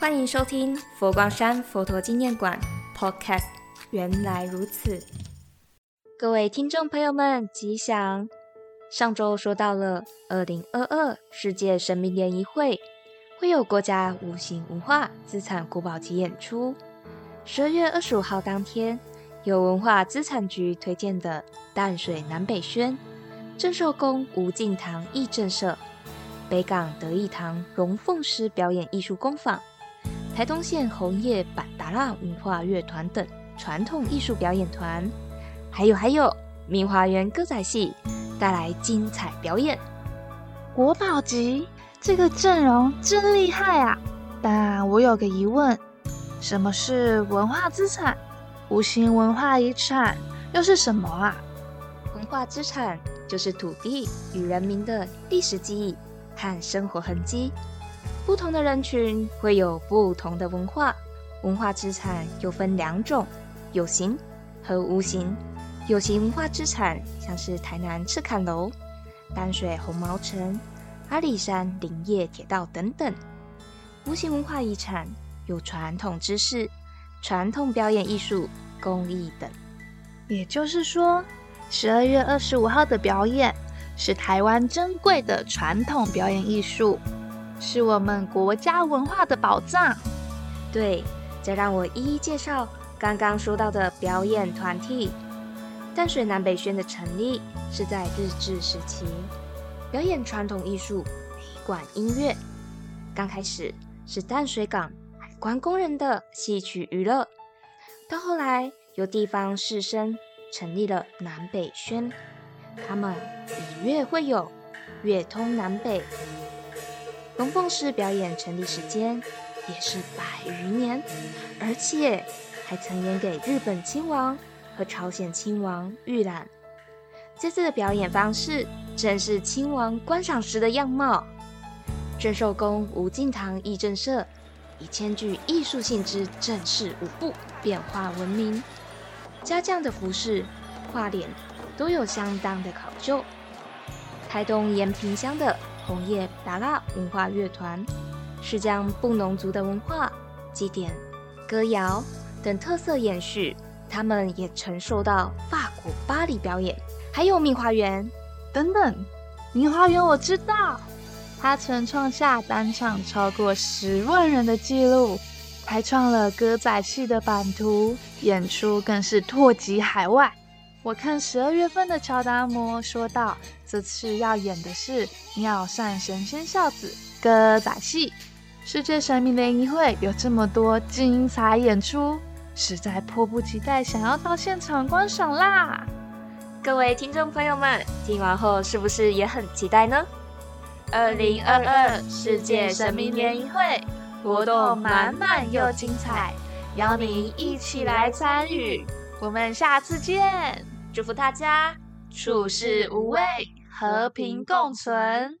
歡迎收聽佛光山佛陀紀念館 Podcast。原來如此，各位聽眾朋友們，吉祥！上周說到了二零二二世界神明聯誼會，會有國家無形文化資產國寶級演出。十二月二十五號當天，有文化資產局推薦的淡水南北軒鎮壽宮吳敬堂義陣社、北港德義堂龍鳳獅表演藝術工坊。台東縣紅葉板達拉文化樂團等傳統藝術表演團，還有還有明華園歌仔戲帶來精彩表演。國寶級這個陣容真厲害啊！但我有個疑問：什麼是文化資產？無形文化遺產又是什麼啊？文化資產就是土地與人民的歷史記憶和生活痕跡。不同的人群會有不同的文化，文化資產又分兩種：有形和無形。有形文化資產像是台南赤崁樓、淡水紅毛城、阿里山林業鐵道等等；無形文化遺產有傳統知識、傳統表演藝術、工藝等。也就是說，十二月二十五號的表演是台灣珍貴的傳統表演藝術。是我們國家文化的寶藏。對，這讓我一一介紹剛剛說到的表演團體。淡水南北軒的成立是在日治時期，表演傳統藝術、北管音樂。剛開始是淡水港海關工人的戲曲娛樂，到後來有地方士紳成立了南北軒，他們以樂會友，樂通南北。龍鳳式表演成立時間也是百餘年，而且還曾演給日本親王和朝鮮親王御覽。這次的表演方式正是親王觀賞時的樣貌。正壽宮吳敬堂藝陣社以兼具藝術性之正式舞步變化聞名，家將的服飾、畫臉都有相當的考究。台東延平鄉的，紅葉達拉文化樂團是將布農族的文化、祭典、歌謠等特色延續。他們也曾受到法國巴黎表演，還有明華園等等。明華園我知道，他曾創下單場超過十萬人的紀錄，開創了歌仔戲的版圖，演出更是拓及海外。我看十二月份的喬達摩說道：“這次要演的是妙善神仙孝子歌仔戲，世界神明聯誼會有這麼多精彩演出，實在迫不及待想要到現場觀賞啦！”各位聽眾朋友們，聽完後是不是也很期待呢？二零二二世界神明聯誼會活動滿滿又精彩，邀您一起來參與。我們下次見！祝福大家，處事無畏，和平共存。